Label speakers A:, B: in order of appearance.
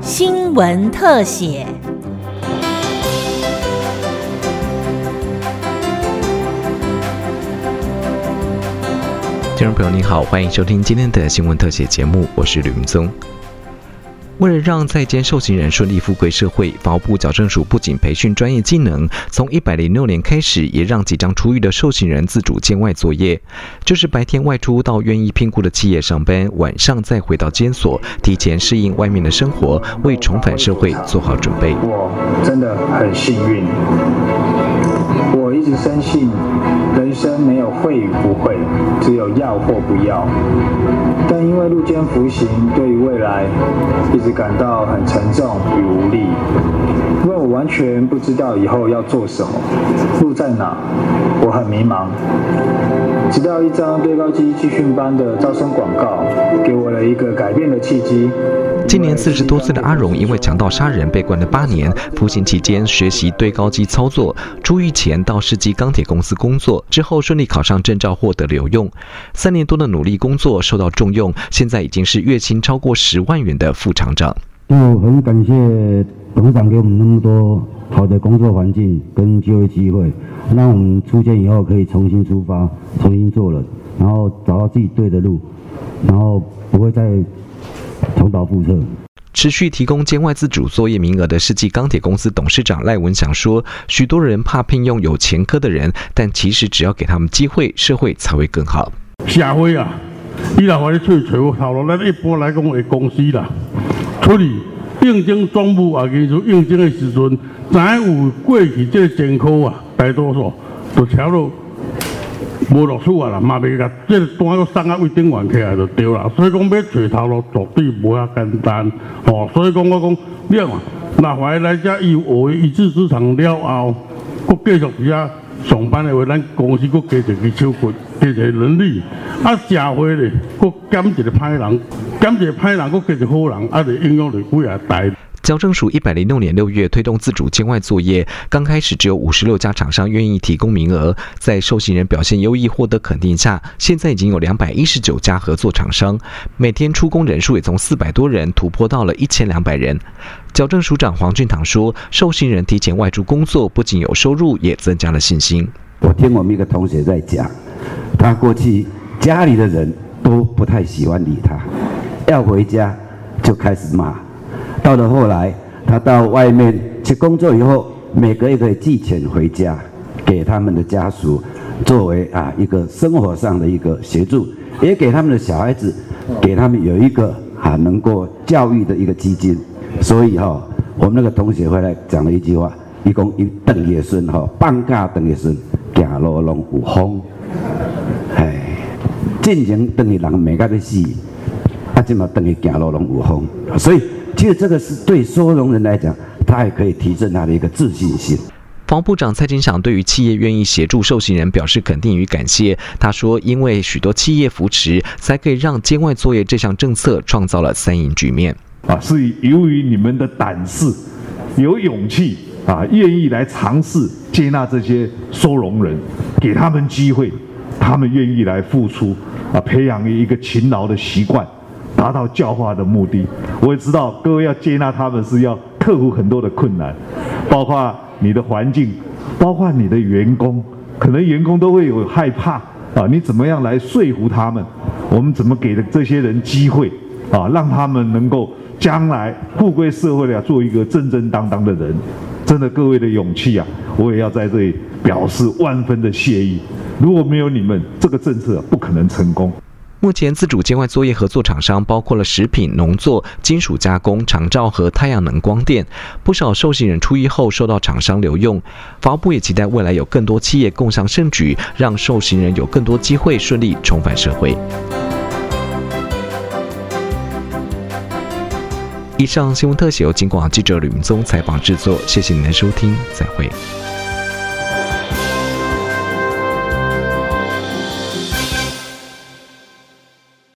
A: 新聞特寫。
B: 聽眾朋友，你好，歡迎收聽今天的新聞特寫節目，我是呂宗松。為了讓在監受刑人順利復歸社會，法務部矯正署不僅培訓專業技能，從一百零六年開始，也讓即將出獄的受刑人自主監外作業，就是白天外出到願意聘僱的企業上班，晚上再回到監所，提前適應外面的生活，為重返社會做好準備。我
C: 真的很幸運，我一直
A: 相信，人生沒有會與不會，只有要或不要。但因為入監服刑，對於未來一直感到很沉重與無力，因為我完全不知道以後要做什麼，路在哪，我很迷茫。直到一張堆高機技訓班的招生廣告，給我了一個改變的契機。
B: 今年四十多歲的阿榮，因為強盜殺人被關了八年。服刑期間學習堆高機操作，出獄前到世紀鋼鐵公司工作，之後順利考上證照，獲得留用。三年多的努力工作，受到重用，現在已經是月薪超過十萬元的副廠長。
C: 我很感謝董事長給我們那麼多好的工作環境跟就業機會，讓我們出監以後可以重新出發，重新做人，然後找到自己對的路，然後不會再。重蹈覆轍。
B: 持續提供監外自主作業名額的世紀鋼鐵公司董事長賴文祥說：“許多人怕聘用有前科的人，但其實只要給他們機會，社會才會更好。社會
D: 啊，伊來話的處理，討論咱一般來講，我公司啦，處理應徵裝務啊，就是應徵的時陣，前有過去這前科啊，大多數就切落。”無落厝啊啦，嘛未個，即單要送啊位頂還起來就對了啦。所以講要找頭路絕對無遐簡單，吼、哦。所以講我講，你啊嘛，那懷來只要一技之長了後，國繼續只啊上班的話，咱公司國繼續去人力。啊，社會咧，國
B: 減一個歹人，減一個歹人，國加一個好人，啊，就影響未來大。矯正署一百零六年六月推動自主監外作業，剛開始只有五十六家廠商願意提供名額，在受刑人表現優異獲得肯定下，現在已經有兩百一十九家合作廠商，每天出工人數也從四百多人突破到了一千兩百人。矯正署長黃俊堂說：“受刑人提前外出工作，不僅有收入，也增加了信心。”
C: 我聽我們一個同學在講，他過去家裡的人都不太喜歡理他，要回家就開始罵。到了後來，他到外面去工作以後，每個月可以寄錢回家，給他們的家屬，作為啊一個生活上的一個協助，也給他們的小孩子，給他們有一個啊能夠教育的一個基金。所以哈、哦，我們那個同學回來講了一句話，伊講伊等爺孫哈，半假等爺孫，行路攏有風，哎， 進前等伊人面甲要死。他今嘛等於走路攏有風，所以其實這個是對收容人來講，他也可以提振他的一個自信心。
B: 法部長蔡清祥對於企業願意協助受刑人表示肯定與感謝。他說：“因為許多企業扶持，才可以讓監外作業這項政策創造了三贏局面。”
A: 啊，是由於你們的膽識、有勇氣啊，願意來嘗試接納這些收容人，給他們機會，他們願意來付出啊，培養一個勤勞的習慣。達到教化的目的，我也知道各位要接納他們是要克服很多的困難，包括你的環境，包括你的員工，可能員工都會有害怕啊，你怎麼樣來說服他們？我們怎麼給的這些人機會啊，讓他們能夠將來復歸社會了，做一個正正當當的人？真的，各位的勇氣啊，我也要在這裡表示萬
B: 分的謝意。如果沒有你們，這個政策不可能成功。目前，自主監外作業合作廠商包括了食品、農作、金屬加工、長照和太陽能光電。不少受刑人出獄後受到廠商留用，法務部也期待未來有更多企業共襄盛舉，讓受刑人有更多機會順利重返社會。以上新聞特寫由京廣記者呂明宗採訪制作，謝謝您的收聽，再會。